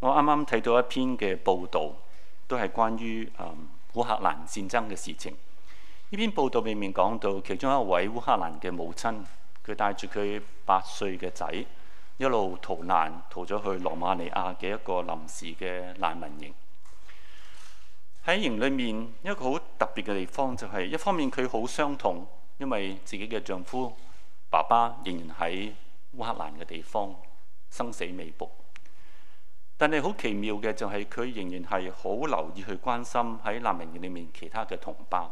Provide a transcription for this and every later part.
我啱啱睇到一篇嘅報導，都係關於啊烏克蘭戰爭嘅事情。呢篇報導裏面講到，其中一位烏克蘭嘅母親，佢帶住佢八歲嘅仔，一路逃難逃咗去羅馬尼亞嘅一個臨時嘅難民營。喺營裏面，一個好特別嘅地方就係一方面佢好傷痛，因為自己嘅丈夫爸爸仍然喺烏克蘭嘅地方生死未卜。但係好奇妙嘅就係佢仍然係好留意去關心喺難民營裏面其他嘅同胞。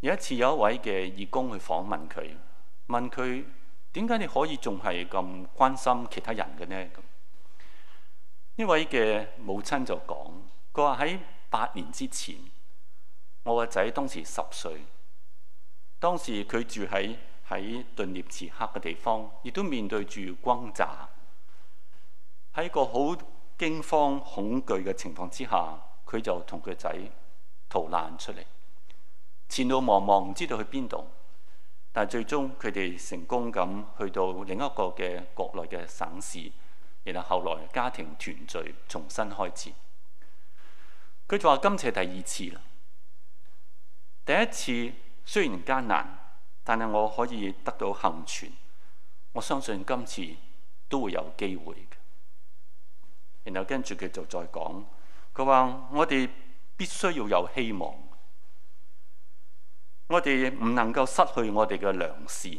有一次有一位嘅義工去訪問佢，問佢點解你可以仲係咁關心其他人嘅呢？呢位嘅母親就講，佢話喺八年之前，我個仔當時十歲，當時佢住喺喺頓涅茨克嘅地方，亦都面對住轟炸。喺一個好驚慌恐懼嘅情況之下，佢就同佢仔逃難出嚟，前路茫茫，唔知道去邊度。但係最終佢哋成功咁去到另一個嘅國內嘅省市，然後後來家庭團聚，重新開始。佢就話：今次係第二次啦。第一次雖然艱難，但係我可以得到幸存。我相信今次都會有機會。然後跟住佢就再講，佢話：我哋必須要有希望，我哋唔能夠失去我哋嘅良善，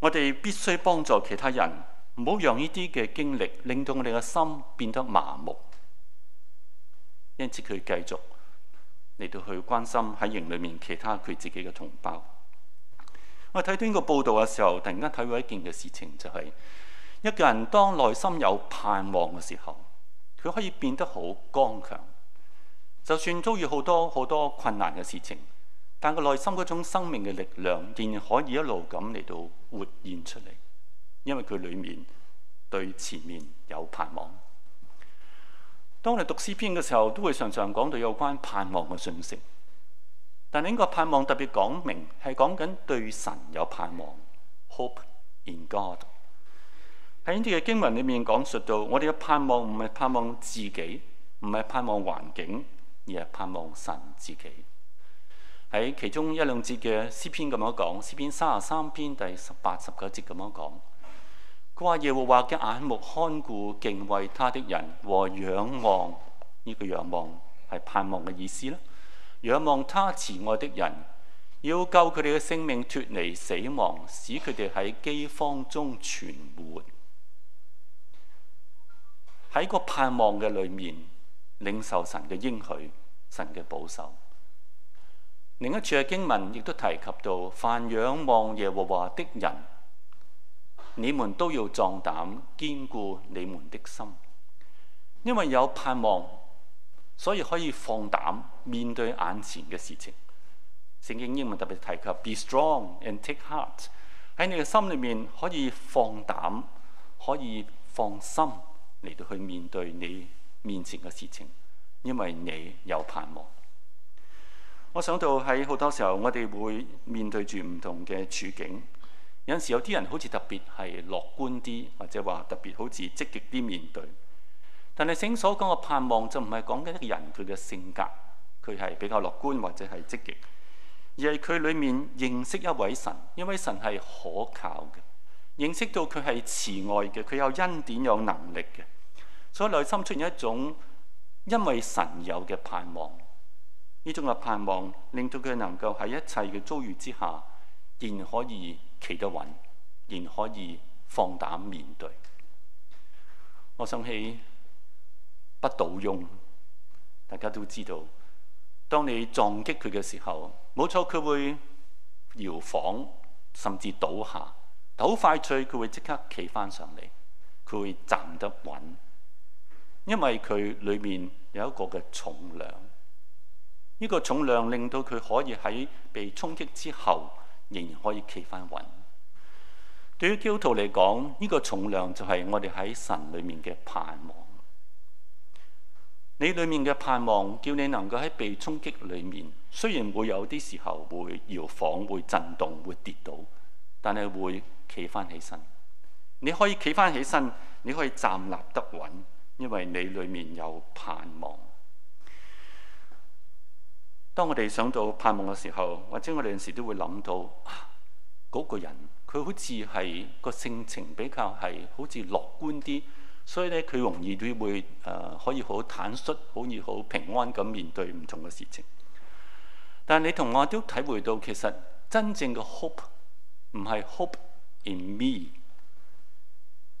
我哋必須幫助其他人，唔好讓呢啲嘅經歷令到我哋嘅心變得麻木。因此佢繼續嚟到去關心喺營裏面其他佢自己嘅同胞。我睇到呢個報道嘅時候，突然間睇到一件嘅事情，就是，就係。一個人當內心有盼望嘅時候，佢可以變得好剛強。就算遭遇好多好多困難嘅事情，但佢內心嗰種生命嘅力量仍然可以一路咁嚟到活現出嚟，因為佢裏面對前面有盼望。當我讀詩篇嘅時候，都會常常講到有關盼望嘅信息。但係呢個盼望特別講明係講緊對神有盼望，hope in God。喺呢啲嘅經文裏面講述到，我哋嘅盼望唔係盼望自己，唔係盼望環境，而係盼望神自己。喺其中一兩節嘅詩篇咁樣講，詩篇三十三篇第十八十九節咁樣講，佢話耶和華嘅眼目看顧敬畏他的人，和仰望呢、呢個仰望係盼望嘅意思啦。仰望他慈愛的人，要救佢哋嘅性命脱離死亡，使佢哋喺饑荒中存活。喺個盼望嘅裏面領受神嘅應許，神嘅保守。另一處嘅經文亦都提及到，凡仰望耶和華的人，你們都要壯膽，堅固你們的心，因為有盼望，所以可以放膽面對眼前嘅事情。聖經英文特別提及：Be strong and take heart。喺你嘅心裏面可以放膽，可以放心。嚟到去面對你面前嘅事情，因為你有盼望。我想到喺好多時候，我哋會面對住唔同嘅處境，有陣時有啲人好似特別係樂觀啲，或者話特別好似積極啲面對。但係聖所講嘅盼望就唔係講緊一個人佢嘅性格，佢係比較樂觀或者係積極，而係佢裡面認識一位神，因為神係可靠嘅。認識到佢係慈愛嘅，佢有恩典、有能力嘅，所以內心出現一種因為神有嘅盼望。呢種嘅盼望令到佢能夠喺一切嘅遭遇之下，仍可以企得穩，仍可以放膽面對。我想起不倒翁，大家都知道，當你撞擊佢嘅時候，冇錯，佢會搖晃，甚至倒下。好快脆，佢會即刻企翻上嚟，佢會站得穩，因為佢裏面有一個嘅重量。呢個重量令到佢可以喺被衝擊之後，仍然可以企翻穩。對於基督徒嚟講，呢個重量就係我哋喺神裏面嘅盼望。你裏面嘅盼望，叫你能夠喺被衝擊裡面，雖然會有啲時候會搖晃、會震動、會跌倒。但係會企翻起身，你可以企翻起身，你可以站立得穩，因為你裡面有盼望。當我哋想到盼望嘅時候，或者我哋有時都會諗到嗰、啊嗰個人，佢好似係個性情比較係好似樂觀啲，所以咧佢容易都會誒、呃、可以好坦率，好易好平安咁面對唔同嘅事情。但係你同我都體會到，其實真正嘅 hope。唔係 hope in me，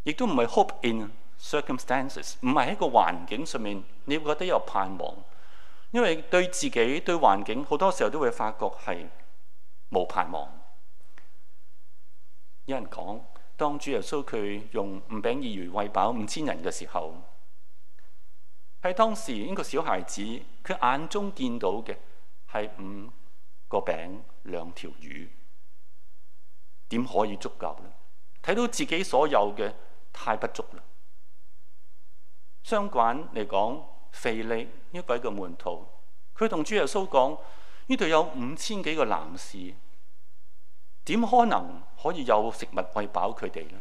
亦都唔係 hope in circumstances，唔係喺個環境上面，你會覺得有盼望。因為對自己、對環境，好多時候都會發覺係冇盼望。有人講，當主耶穌佢用五餅二魚餵飽五千人嘅時候，喺當時呢個小孩子，佢眼中見到嘅係五個餅，兩條魚。點可以足夠呢？睇到自己所有嘅太不足啦。相反嚟講，腓力呢位嘅門徒，佢同主耶穌講：呢度有五千幾個男士，點可能可以有食物餵飽佢哋呢？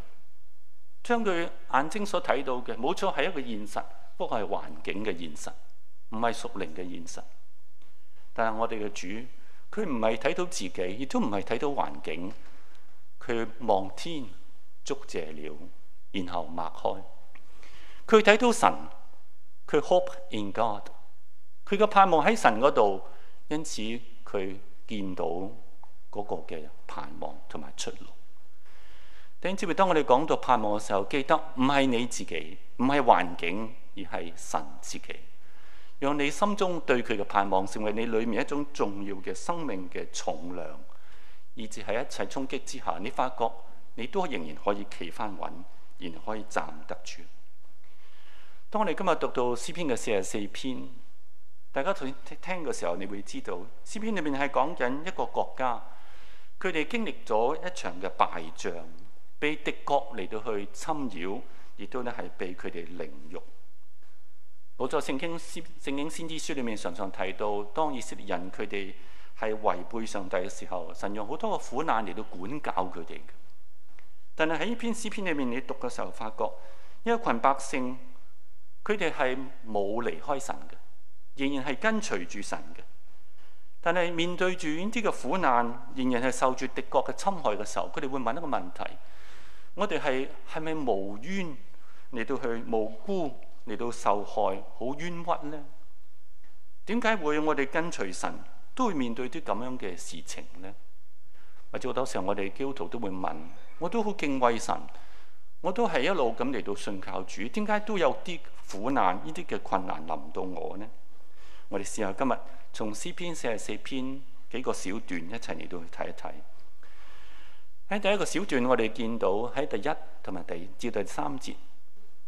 將佢眼睛所睇到嘅，冇錯係一個現實，不過係環境嘅現實，唔係屬靈嘅現實。但係我哋嘅主，佢唔係睇到自己，亦都唔係睇到環境。佢望天，祝謝了，然後擘開。佢睇到神，佢 hope in God，佢嘅盼望喺神嗰度，因此佢見到嗰個嘅盼望同埋出路。頂住，當我哋講到盼望嘅時候，記得唔係你自己，唔係環境，而係神自己。讓你心中對佢嘅盼望，成為你裏面一種重要嘅生命嘅重量。以至喺一切衝擊之下，你發覺你都仍然可以企返穩，仍然可以站得住。當我哋今日讀到詩篇嘅四十四篇，大家頭先聽嘅時候，你會知道詩篇裏面係講緊一個國家，佢哋經歷咗一場嘅敗仗，被敵國嚟到去侵擾，亦都咧係被佢哋凌辱。我喺聖經，聖經先知書裏面常常提到，當以色列人佢哋係違背上帝嘅時候，神用好多嘅苦難嚟到管教佢哋嘅。但係喺呢篇詩篇裏面，你讀嘅時候發覺，一群百姓，佢哋係冇離開神嘅，仍然係跟隨住神嘅。但係面對住呢啲嘅苦難，仍然係受住敵國嘅侵害嘅時候，佢哋會問一個問題：我哋係係咪無冤嚟到去無辜嚟到受害，好冤屈呢？點解會我哋跟隨神？都會面對啲咁樣嘅事情呢，或者好多時候，我哋基督徒都會問：我都好敬畏神，我都係一路咁嚟到信靠主，點解都有啲苦難，呢啲嘅困難臨到我呢？我哋試下今日從詩篇四十四篇幾個小段一齊嚟到去睇一睇，喺第一個小段我，我哋見到喺第一同埋第二至第三節，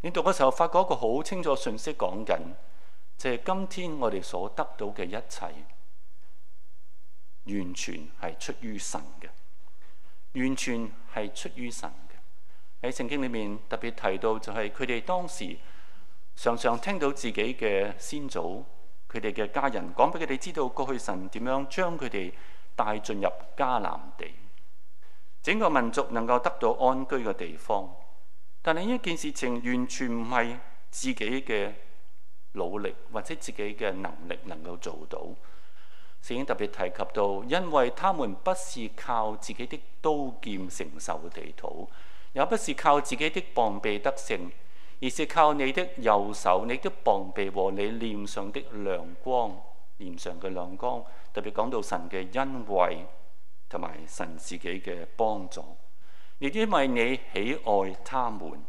你讀嘅時候發覺一個好清楚嘅信息，講緊就係、是、今天我哋所得到嘅一切。完全係出於神嘅，完全係出於神嘅。喺聖經裏面特別提到，就係佢哋當時常常聽到自己嘅先祖、佢哋嘅家人講俾佢哋知道，過去神點樣將佢哋帶進入迦南地，整個民族能夠得到安居嘅地方。但係呢一件事情完全唔係自己嘅努力或者自己嘅能力能夠做到。聖經特別提及到，因為他們不是靠自己的刀劍承受地土，也不是靠自己的膀臂得勝，而是靠你的右手、你的膀臂和你臉上的亮光、臉上的亮光。特別講到神嘅恩惠同埋神自己嘅幫助，亦因為你喜愛他們。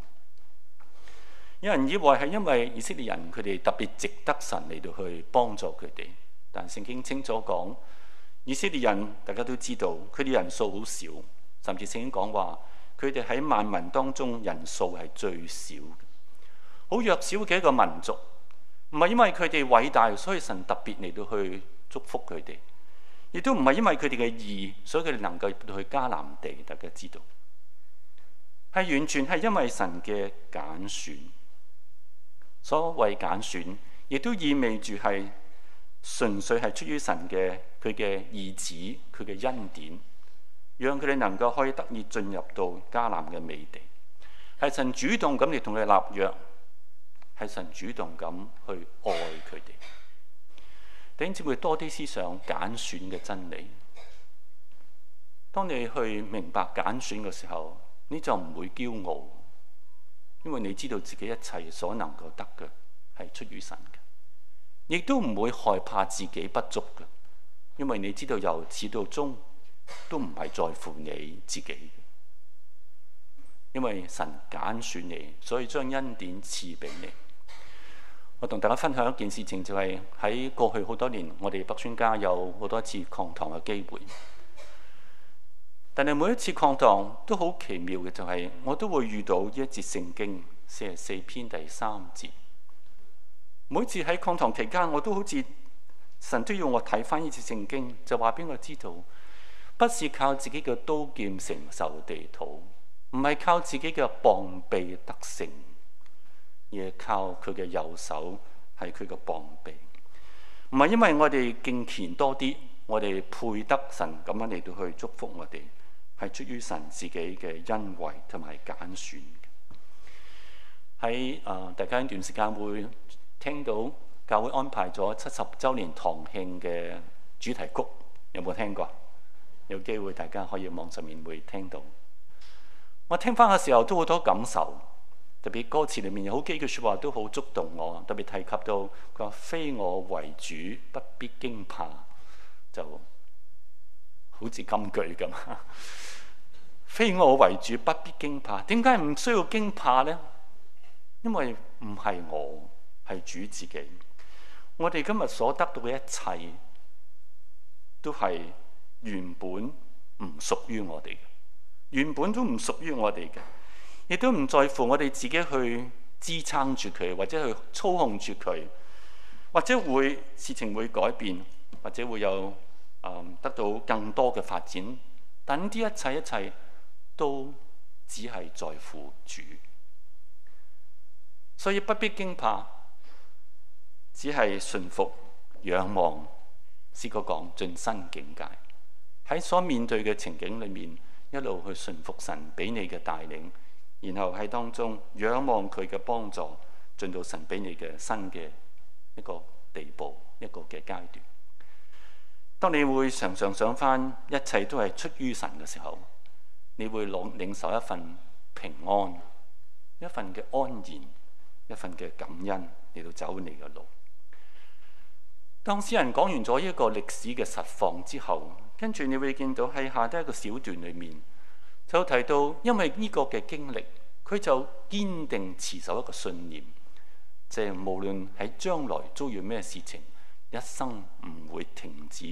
有人以為係因為以色列人佢哋特別值得神嚟到去幫助佢哋。但聖經清楚講，以色列人大家都知道，佢哋人數好少，甚至聖經講話佢哋喺萬民當中人數係最少嘅，好弱小嘅一個民族。唔係因為佢哋偉大，所以神特別嚟到去祝福佢哋；亦都唔係因為佢哋嘅義，所以佢哋能夠去迦南地。大家知道，係完全係因為神嘅揀選。所謂揀選，亦都意味住係。純粹係出於神嘅佢嘅意旨，佢嘅恩典，讓佢哋能夠可以得以進入到迦南嘅美地，係神主動咁嚟，同佢立約，係神主動咁去愛佢哋。頂住會多啲思想揀選嘅真理，當你去明白揀選嘅時候，你就唔會驕傲，因為你知道自己一切所能夠得嘅係出於神嘅。亦都唔會害怕自己不足嘅，因為你知道由始到終都唔係在乎你自己，因為神揀選你，所以將恩典賜俾你。我同大家分享一件事情，就是，就係喺過去好多年，我哋北宣家有好多次擴堂嘅機會，但係每一次擴堂都好奇妙嘅，就是，就係我都會遇到呢一節聖經四十四篇第三節。每次喺抗堂期間，我都好似神都要我睇翻呢次聖經，就話畀我知道，不是靠自己嘅刀劍承受地土，唔係靠自己嘅膀臂得勝，而係靠佢嘅右手係佢嘅膀臂。唔係因為我哋敬虔多啲，我哋配得神咁樣嚟到去祝福我哋，係出於神自己嘅恩惠同埋揀選嘅。喺誒，大家一段時間會。聽到教會安排咗七十週年堂慶嘅主題曲，有冇聽過？有機會大家可以網上面會聽到。我聽返嘅時候都好多感受，特別歌詞裏面有好幾句説話都好觸動我。特別提及到佢話：非我為主，不必驚怕，就好似金句咁。 非我為主，不必驚怕。點解唔需要驚怕呢？因為唔係我。係主自己，我哋今日所得到嘅一切，都係原本唔屬於我哋嘅，原本都唔屬於我哋嘅，亦都唔在乎我哋自己去支撐住佢，或者去操控住佢，或者會事情會改變，或者會有誒、嗯、得到更多嘅發展。等啲一切一切都只係在乎主，所以不必驚怕。只係順服、仰望，試過講進新境界。喺所面對嘅情景裏面，一路去順服神俾你嘅帶領，然後喺當中仰望佢嘅幫助，進到神俾你嘅新嘅一個地步、一個嘅階段。當你會常常想返一切都係出於神嘅時候，你會攞領受一份平安、一份嘅安然、一份嘅感恩嚟到走你嘅路。當詩人講完咗呢一個歷史嘅實況之後，跟住你會見到喺下低一個小段裏面就提到，因為呢個嘅經歷，佢就堅定持守一個信念，即係無論喺將來遭遇咩事情，一生唔會停止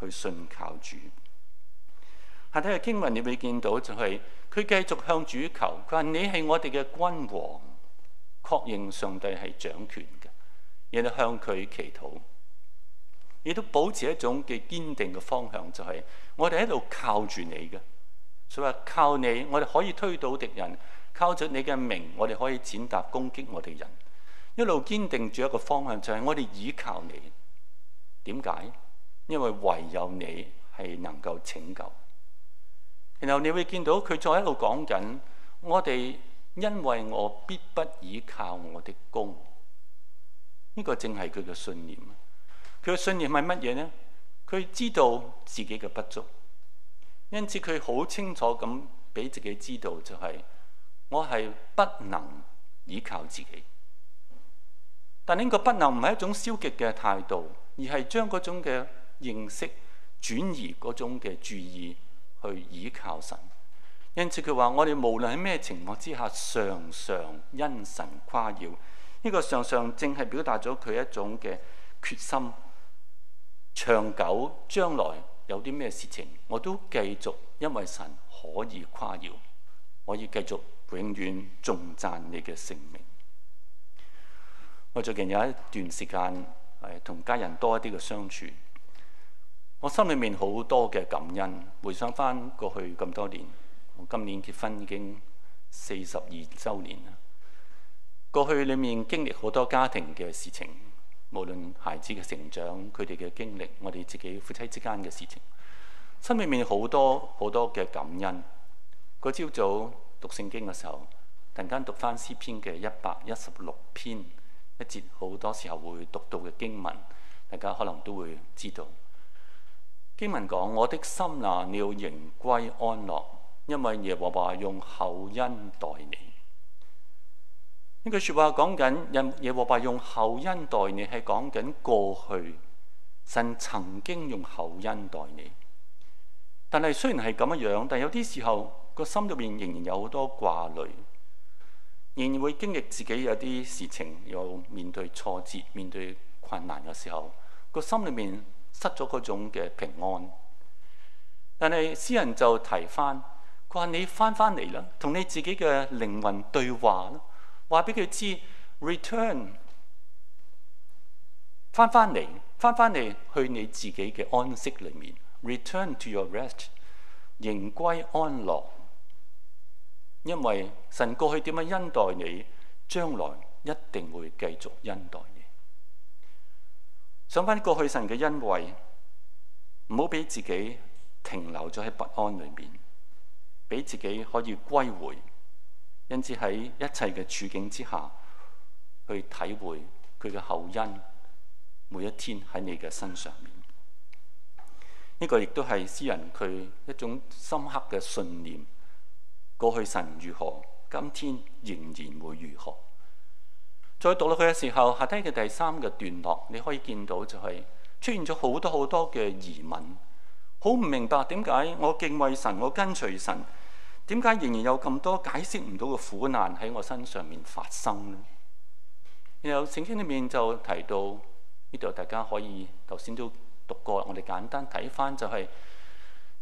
去信靠主。下低嘅經文你會見到就係佢繼續向主求，佢話：你係我哋嘅君王，確認上帝係掌權嘅，亦都向佢祈禱。亦都保持一種嘅堅定嘅方向，就係我哋一路靠住你嘅，所以話靠你，我哋可以推倒敵人；靠住你嘅名，我哋可以踐踏攻擊我哋人。一路堅定住一個方向，就係我哋倚靠你。點解？因為唯有你係能夠拯救。然後你會見到佢再一路講緊，我哋因為我必不倚靠我的功。呢個正係佢嘅信念。佢嘅信念係乜嘢呢？佢知道自己嘅不足，因此佢好清楚咁俾自己知道，就係、是、我係不能依靠自己。但呢個不能唔係一種消極嘅態度，而係將嗰種嘅認識轉移嗰種嘅注意去依靠神。因此佢話：我哋無論喺咩情況之下，常常因神誇耀。呢、這個常常正係表達咗佢一種嘅決心。長久將來有啲咩事情，我都繼續，因為神可以誇耀，我要繼續永遠頌讚你嘅聖名。我最近有一段時間係同家人多一啲嘅相處，我心裏面好多嘅感恩，回想翻過去咁多年，我今年結婚已經四十二周年啦。過去裏面經歷好多家庭嘅事情。無論孩子嘅成長，佢哋嘅經歷，我哋自己夫妻之間嘅事情，心裡面好多好多嘅感恩。嗰朝早讀聖經嘅時候，突然間讀返詩篇嘅一百一十六篇一節，好多時候會讀到嘅經文，大家可能都會知道。經文講：我的心啊，你要迎歸安樂，因為耶和華用厚恩待你。呢句話說話講緊，因耶和華用厚恩待你，係講緊過去，神曾經用厚恩待你。但係雖然係咁樣樣，但有啲時候個心裡面仍然有好多掛慮，仍然會經歷自己有啲事情，又面對挫折、面對困難嘅時候，個心裡面失咗嗰種嘅平安。但係詩人就提翻佢話：你翻翻嚟啦，同你自己嘅靈魂對話啦。話俾佢知，return 翻翻嚟，翻翻嚟去你自己嘅安息裏面，return to your rest，仍歸安樂。因為神過去點樣恩待你，將來一定會繼續恩待你。想翻過去神嘅恩惠，唔好俾自己停留咗喺不安裏面，俾自己可以歸回。因此喺一切嘅處境之下，去體會佢嘅厚恩，每一天喺你嘅身上面，呢個亦都係詩人佢一種深刻嘅信念。過去神如何，今天仍然會如何。再讀落去嘅時候，下低嘅第三個段落，你可以見到就係出現咗好多好多嘅疑問，好唔明白點解我敬畏神，我跟隨神。點解仍然有咁多解釋唔到嘅苦難喺我身上面發生呢？然後聖經裏面就提到呢度，大家可以頭先都讀過，我哋簡單睇返就係，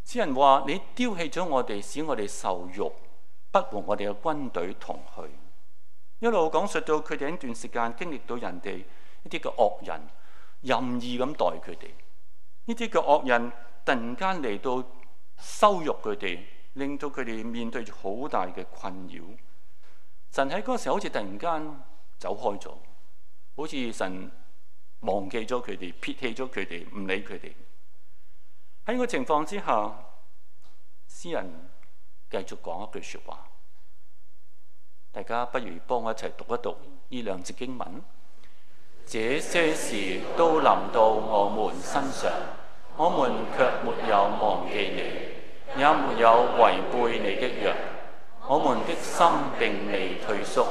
詩人話你丟棄咗我哋，使我哋受辱，不和我哋嘅軍隊同去，一路講述到佢哋一段時間經歷到人哋一啲嘅惡人任意咁待佢哋，呢啲嘅惡人突然間嚟到羞辱佢哋。令到佢哋面對住好大嘅困擾，神喺嗰時候好似突然間走開咗，好似神忘記咗佢哋，撇棄咗佢哋，唔理佢哋。喺個情況之下，詩人繼續講一句説話，大家不如幫我一齊讀一讀呢兩節經文。這些事都臨到我們身上，我們卻沒有忘記你。也沒有違背你的約，我們的心並未退縮，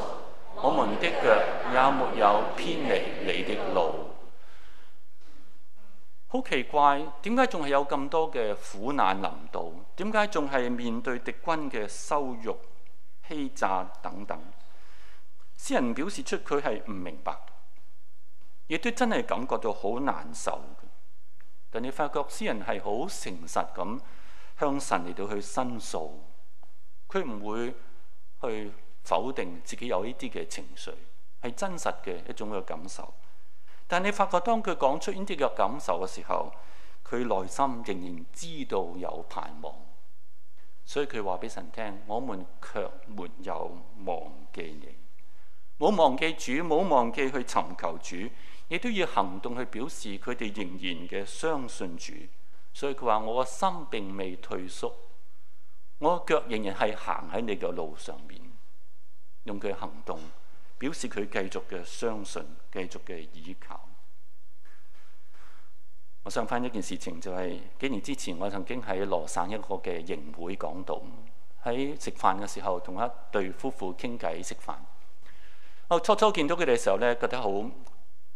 我們的腳也沒有偏離你的路。好奇怪，點解仲係有咁多嘅苦難臨到？點解仲係面對敵軍嘅羞辱、欺詐等等？詩人表示出佢係唔明白，亦都真係感覺到好難受嘅。但你發覺詩人係好誠實咁。向神嚟到去申訴，佢唔會去否定自己有呢啲嘅情緒，係真實嘅一種嘅感受。但你發覺當佢講出呢啲嘅感受嘅時候，佢內心仍然知道有盼望，所以佢話俾神聽，我們卻沒有忘記祢，冇忘記主，冇忘記去尋求主，亦都要行動去表示佢哋仍然嘅相信主。所以佢話：我個心並未退縮，我個腳仍然係行喺你嘅路上面，用佢行動表示佢繼續嘅相信，繼續嘅依靠。我想翻一件事情、就係，就係幾年之前，我曾經喺羅省一個嘅營會講道，喺食飯嘅時候同一對夫婦傾偈食飯。我初初見到佢哋嘅時候咧，覺得好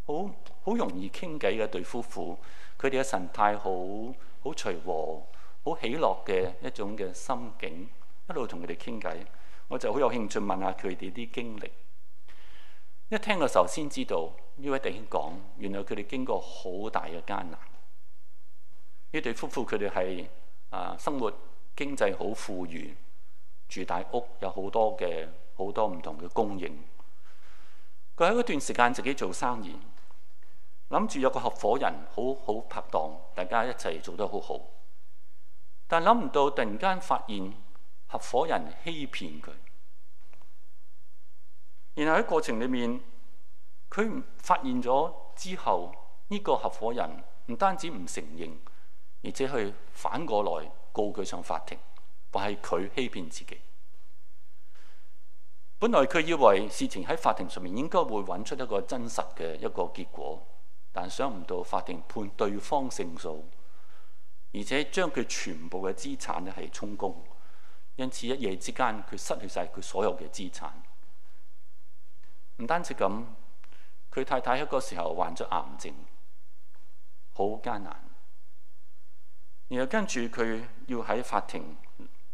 好好容易傾偈嘅對夫婦，佢哋嘅神態好。好隨和、好喜樂嘅一種嘅心境，一路同佢哋傾偈，我就好有興趣問，問下佢哋啲經歷。一聽嘅時候先知道呢位弟兄講，原來佢哋經過好大嘅艱難。呢對夫婦佢哋係啊生活經濟好富裕，住大屋有，有好多嘅好多唔同嘅供應。佢喺嗰段時間自己做生意。諗住有個合夥人好好拍檔，大家一齊做得好好。但係諗唔到，突然間發現合夥人欺騙佢。然後喺過程裡面，佢發現咗之後，呢個合夥人唔單止唔承認，而且去反過來告佢上法庭，話係佢欺騙自己。本來佢以為事情喺法庭上面應該會揾出一個真實嘅一個結果。但想唔到法庭判對方勝訴，而且將佢全部嘅資產咧係充公，因此一夜之間佢失去晒佢所有嘅資產。唔單止咁，佢太太喺嗰時候患咗癌症，好艱難。然後跟住佢要喺法庭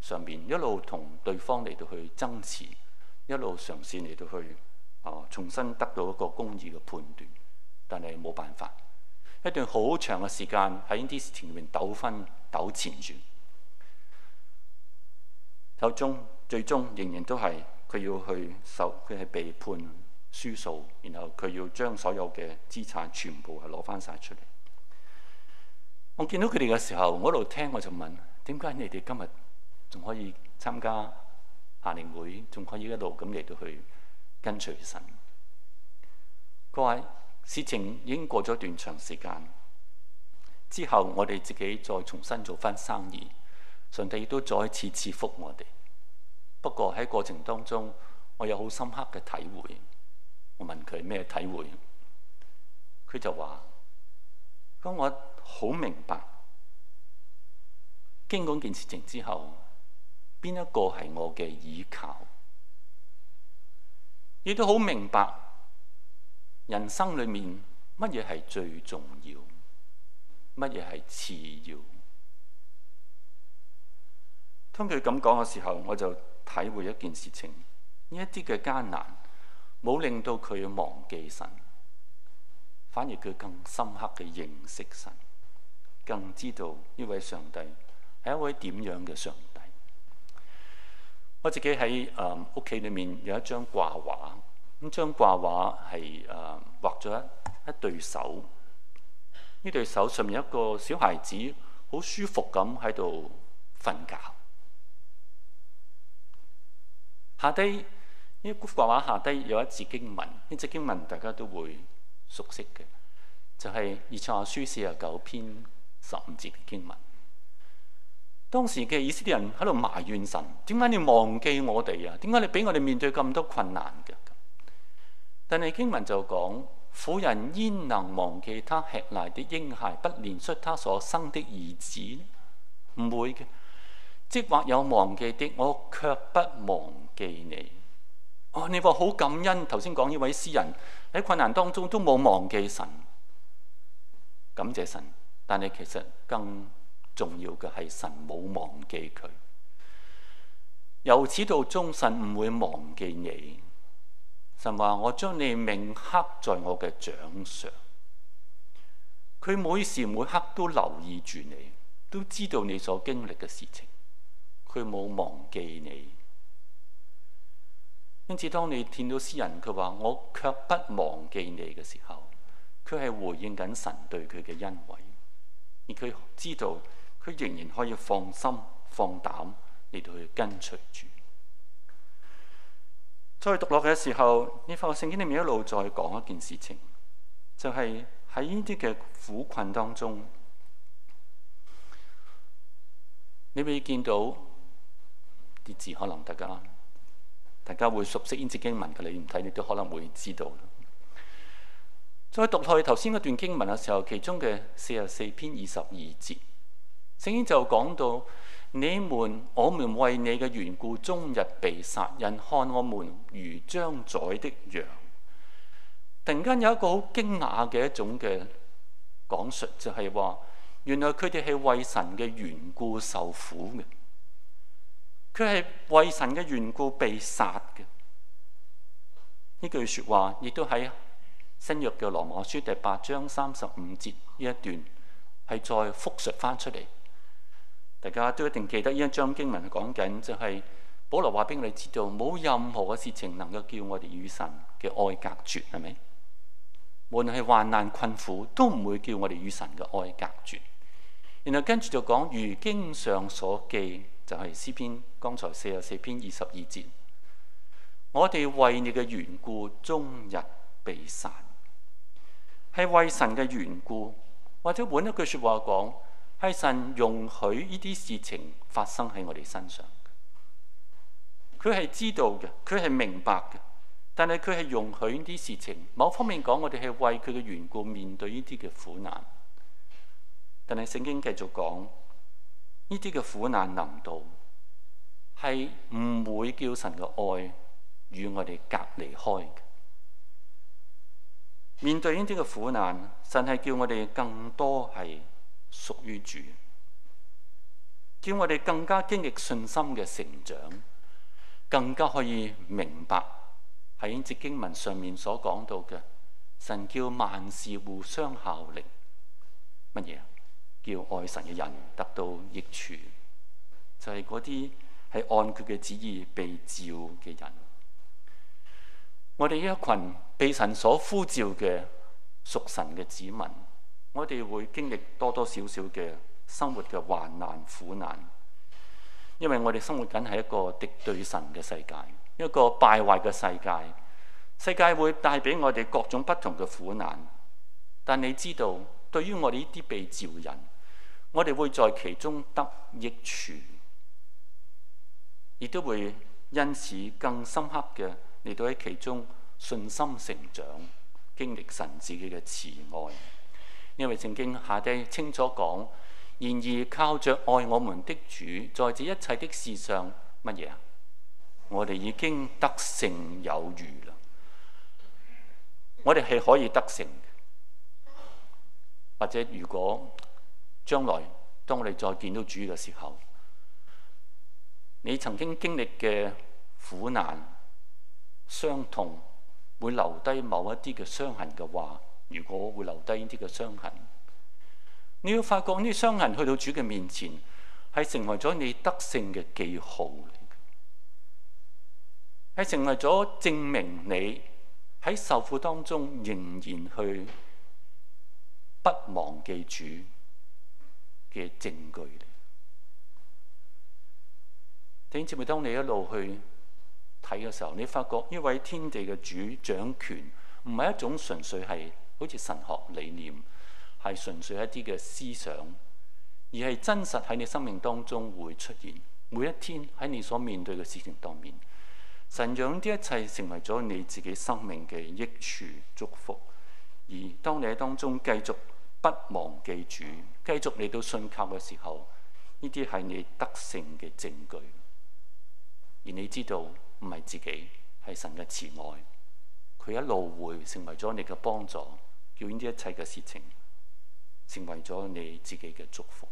上邊一路同對方嚟到去爭持，一路嘗試嚟到去啊、呃、重新得到一個公義嘅判斷。但係冇辦法，一段好長嘅時間喺呢啲裏面糾紛、糾纏住，最終最終仍然都係佢要去受佢係被判輸訴，然後佢要將所有嘅資產全部係攞翻晒出嚟。我見到佢哋嘅時候，我喺度聽，我就問：點解你哋今日仲可以參加下年會，仲可以一路咁嚟到去跟隨神？各位。事情已經過咗段長時間，之後我哋自己再重新做翻生意，上帝亦都再次賜福我哋。不過喺過程當中，我有好深刻嘅體會。我問佢咩體會，佢就話：咁我好明白，經過件事情之後，邊一個係我嘅倚靠，亦都好明白。人生裏面乜嘢係最重要？乜嘢係次要？聽佢咁講嘅時候，我就體會一件事情：呢一啲嘅艱難，冇令到佢忘記神，反而佢更深刻嘅認識神，更知道呢位上帝係一位點樣嘅上帝。我自己喺誒屋企裏面有一張掛畫。咁張掛畫係誒畫咗一一對手，呢對手上面有一個小孩子，好舒服咁喺度瞓覺。下低呢幅掛畫下低有一字經文，呢隻經文大家都會熟悉嘅，就係《以賽亞書四十九篇十五節嘅經文。當時嘅以色列人喺度埋怨神：點解你忘記我哋啊？點解你俾我哋面對咁多困難嘅？但係經文就講，婦人焉能忘記他吃奶的嬰孩，不憐恤他所生的兒子呢？唔會嘅，即或有忘記的，我卻不忘記你。哦，你話好感恩，頭先講呢位詩人喺困難當中都冇忘記神，感謝神。但係其實更重要嘅係神冇忘記佢，由始到終，神唔會忘記你。神話：我將你銘刻在我嘅掌上，佢每時每刻都留意住你，都知道你所經歷嘅事情，佢冇忘記你。因此，當你聽到詩人佢話：我卻不忘記你嘅時候，佢係回應緊神對佢嘅恩惠，而佢知道佢仍然可以放心放膽嚟到去跟隨主。再讀落去嘅時候，你發覺聖經裏面一路再講一件事情，就係喺呢啲嘅苦困當中，你會見到啲字可能得噶，大家會熟悉呢節經文嘅，你唔睇你都可能會知道。再讀落去頭先嗰段經文嘅時候，其中嘅四十四篇二十二節，聖經就講到。你們，我們為你嘅緣故，終日被殺，人看我們如將宰的羊。突然間有一個好驚訝嘅一種嘅講述，就係、是、話，原來佢哋係為神嘅緣故受苦嘅，佢係為神嘅緣故被殺嘅。呢句説話亦都喺新約嘅羅馬書第八章三十五節呢一段係再復述翻出嚟。大家都一定記得，呢一張經文講緊就係、是，保羅話俾我哋知道，冇任何嘅事情能夠叫我哋與神嘅愛隔絕，係咪？無論係患難困苦，都唔會叫我哋與神嘅愛隔絕。然後跟住就講，如經上所記，就係、是、詩篇剛才四十四篇二十二節，我哋為你嘅緣故，終日被殺，係為神嘅緣故，或者換一句説話講。係神容許呢啲事情發生喺我哋身上，佢係知道嘅，佢係明白嘅，但係佢係容許呢啲事情。某方面講，我哋係為佢嘅緣故面對呢啲嘅苦難。但係聖經繼續講，呢啲嘅苦難臨到，係唔會叫神嘅愛與我哋隔離開嘅。面對呢啲嘅苦難，神係叫我哋更多係屬於主，叫我哋更加經歷信心嘅成長，更加可以明白喺節經文上面所講到嘅，神叫萬事互相效力，乜嘢啊？叫愛神嘅人得到益處，就係嗰啲係按佢嘅旨意被召嘅人。我哋呢一群被神所呼召嘅屬神嘅子民，我哋會經歷多多少少嘅生活嘅患難苦難，因為我哋生活緊係一個敵對神嘅世界，一個敗壞嘅世界。世界會帶俾我哋各種不同嘅苦難，但你知道，對於我哋呢啲被召人，我哋會在其中得益處，亦都會因此更深刻嘅嚟到喺其中信心成長，經歷神自己嘅慈愛。因為聖經下低清楚講，然而靠着愛我們的主，在這一切的事上，乜嘢啊？我哋已經得勝有餘啦！我哋係可以得勝嘅，或者如果將來當我哋再見到主嘅時候，你曾經經歷嘅苦難、傷痛，會留低某一啲嘅傷痕嘅話，如果會留低呢啲嘅傷痕，你要發覺呢啲傷痕去到主嘅面前，係成為咗你得勝嘅記號嚟嘅，係成為咗證明你喺受苦當中仍然去不忘記主嘅證據嚟。因此，每當你一路去睇嘅時候，你發覺呢位天地嘅主掌權，唔係一種純粹係好似神學理念係純粹一啲嘅思想，而係真實喺你生命當中會出現。每一天喺你所面對嘅事情當面，神讓呢一切成為咗你自己生命嘅益處祝福。而當你喺當中繼續不忘記主，繼續你到信靠嘅時候，呢啲係你得勝嘅證據。而你知道唔係自己係神嘅慈愛，佢一路會成為咗你嘅幫助。表呢一切嘅事情成為咗你自己嘅祝福。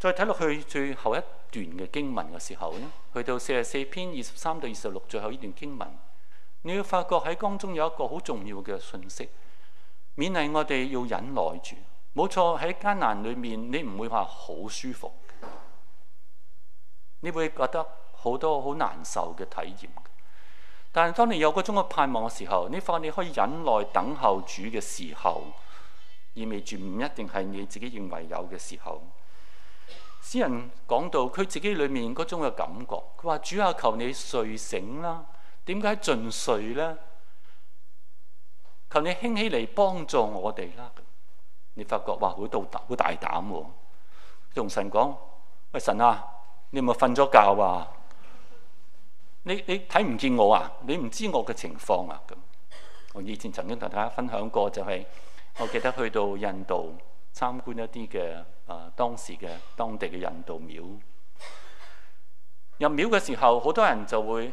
再睇落去最後一段嘅經文嘅時候呢，去到四十四篇二十三到二十六，最後呢段經文，你要發覺喺當中有一個好重要嘅信息，勉勵我哋要忍耐住。冇錯，喺艱難裏面你唔會話好舒服，你會覺得好多好難受嘅體驗。但係，當你有嗰種嘅盼望嘅時候，你發覺你可以忍耐等候主嘅時候，意味住唔一定係你自己認為有嘅時候。詩人講到佢自己裏面嗰種嘅感覺，佢話主啊，求你睡醒啦，點解盡睡咧？求你興起嚟幫助我哋啦！你發覺哇，好到好大膽喎、啊！同神講：喂，神啊，你唔係瞓咗覺啊？你你睇唔見我啊？你唔知我嘅情況啊？咁我以前曾經同大家分享過，就係我記得去到印度參觀一啲嘅啊當時嘅當地嘅印度廟，入廟嘅時候，好多人就會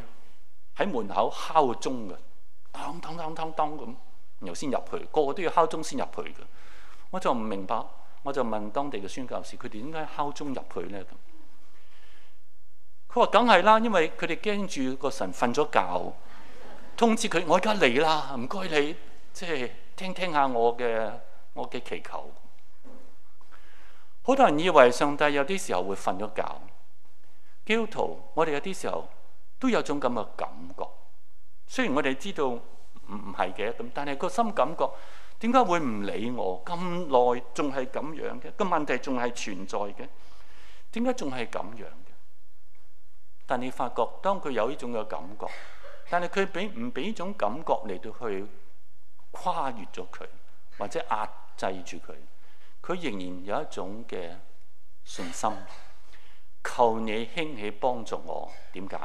喺門口敲鐘嘅，噹噹噹噹噹咁，然後先入去，個個都要敲鐘先入去嘅。我就唔明白，我就問當地嘅宣教士，佢哋點解敲鐘入去咧？佢話：梗係啦，因為佢哋驚住個神瞓咗覺，通知佢我而家嚟啦，唔該你，即係聽聽下我嘅我嘅祈求。好多人以為上帝有啲時候會瞓咗覺，基督徒我哋有啲時候都有種咁嘅感覺。雖然我哋知道唔唔係嘅，咁但係個心感覺，點解會唔理我咁耐仲係咁樣嘅？個問題仲係存在嘅，點解仲係咁樣？但你發覺，當佢有呢種嘅感覺，但係佢俾唔俾呢種感覺嚟到去跨越咗佢，或者壓制住佢，佢仍然有一種嘅信心，求你興起幫助我。點解？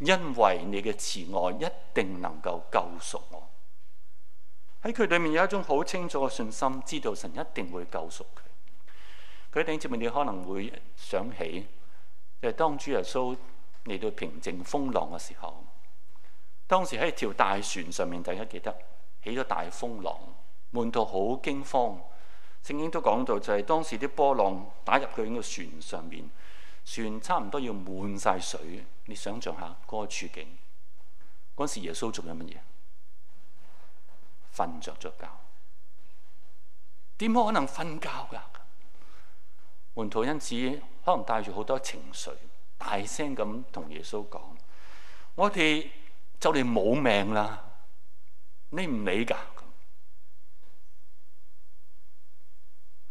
因為你嘅慈愛一定能夠救贖我。喺佢裡面有一種好清楚嘅信心，知道神一定會救贖佢。佢頂住面，你可能會想起，就係當主耶穌。嚟到平靜風浪嘅時候，當時喺條大船上面，大家記得，起咗大風浪，門徒好驚慌。聖經都講到，就係當時啲波浪打入佢哋嘅船上面，船差唔多要滿晒水。你想象下嗰個處境，嗰時耶穌做緊乜嘢？瞓着咗覺，點可能瞓覺㗎？門徒因此可能帶住好多情緒。大聲咁同耶穌講：我哋就嚟冇命啦！你唔理噶。咁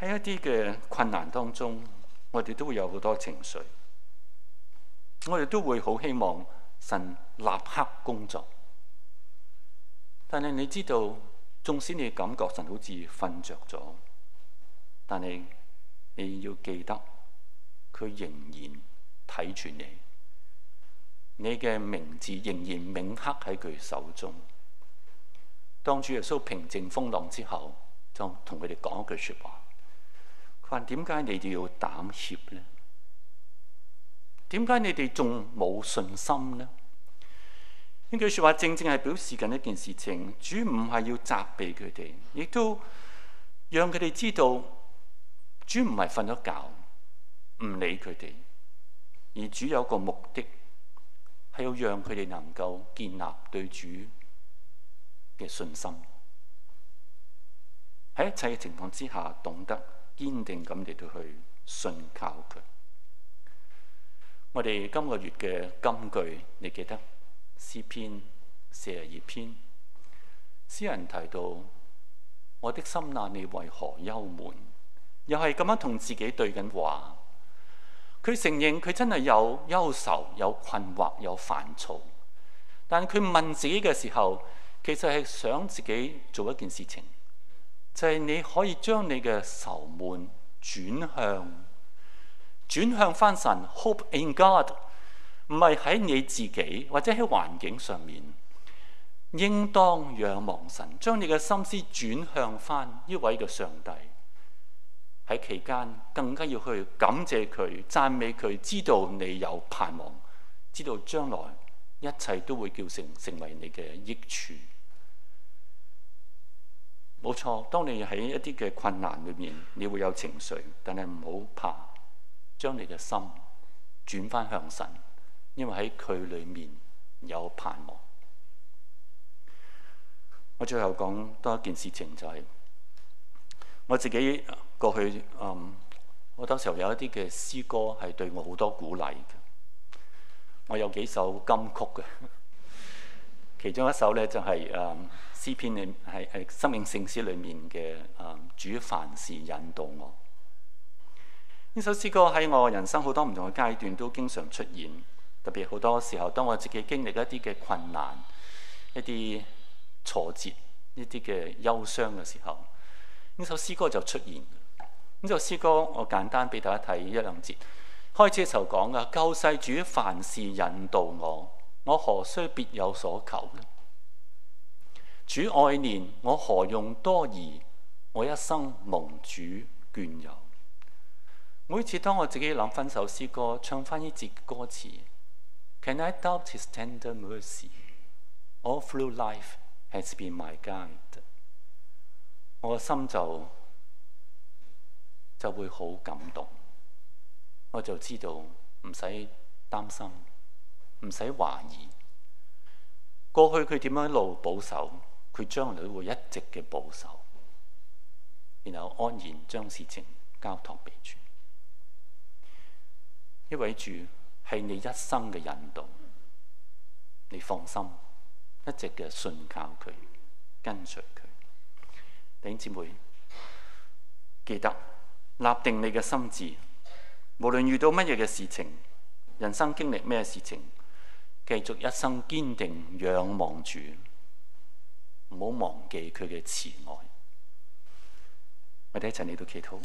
喺一啲嘅困難當中，我哋都會有好多情緒，我哋都會好希望神立刻工作。但係你知道，縱使你感覺神好似瞓着咗，但係你要記得，佢仍然。睇住你，你嘅名字仍然銘刻喺佢手中。當主耶穌平靜風浪之後，就同佢哋講一句說話：佢話，點解你哋要膽怯呢？點解你哋仲冇信心呢？」呢句說話正正係表示緊一件事情。主唔係要責備佢哋，亦都讓佢哋知道，主唔係瞓咗覺，唔理佢哋。而主有一個目的，係要讓佢哋能夠建立對主嘅信心，喺一切嘅情況之下，懂得堅定咁嚟到去信靠佢。我哋今個月嘅金句，你記得詩篇四十二篇，詩人提到：我的心哪，你為何憂悶？又係咁樣同自己對緊話。佢承認佢真係有憂愁、有困惑、有煩躁，但佢問自己嘅時候，其實係想自己做一件事情，就係你可以將你嘅愁悶轉向，轉向翻神，Hope in God，唔係喺你自己或者喺環境上面，應當仰望神，將你嘅心思轉向翻呢位嘅上帝。喺期間更加要去感謝佢，讚美佢，知道你有盼望，知道將來一切都會叫成成為你嘅益處。冇錯，當你喺一啲嘅困難裏面，你會有情緒，但係唔好怕，將你嘅心轉翻向神，因為喺佢裏面有盼望。我最後講多一件事情，就係我自己。過去嗯，我當時候有一啲嘅詩歌係對我好多鼓勵嘅。我有幾首金曲嘅，其中一首咧就係、係、誒、嗯、詩篇裏係係生命聖詩裏面嘅、嗯、主凡事引導我。呢首詩歌喺我人生好多唔同嘅階段都經常出現，特別好多時候當我自己經歷一啲嘅困難、一啲挫折、一啲嘅憂傷嘅時候，呢首詩歌就出現。呢首詩歌，我簡單俾大家睇一兩節。開始嘅時候講噶，救世主凡事引導我，我何須別有所求呢？主愛念我，何用多疑？我一生蒙主眷佑。每次當我自己諗翻首詩歌，唱翻呢節歌詞，Can I doubt His tender mercy? All through life has been my guide。我個心就～就會好感動，我就知道唔使擔心，唔使懷疑。過去佢點樣一路保守，佢將來會一直嘅保守，然後安然將事情交託俾主，呢位主係你一生嘅引導，你放心，一直嘅信靠佢，跟隨佢。弟兄姊妹記得。立定你嘅心志，無論遇到乜嘢嘅事情，人生經歷咩事情，繼續一生堅定仰望主，唔好忘記佢嘅慈愛。我哋一齊嚟到祈禱。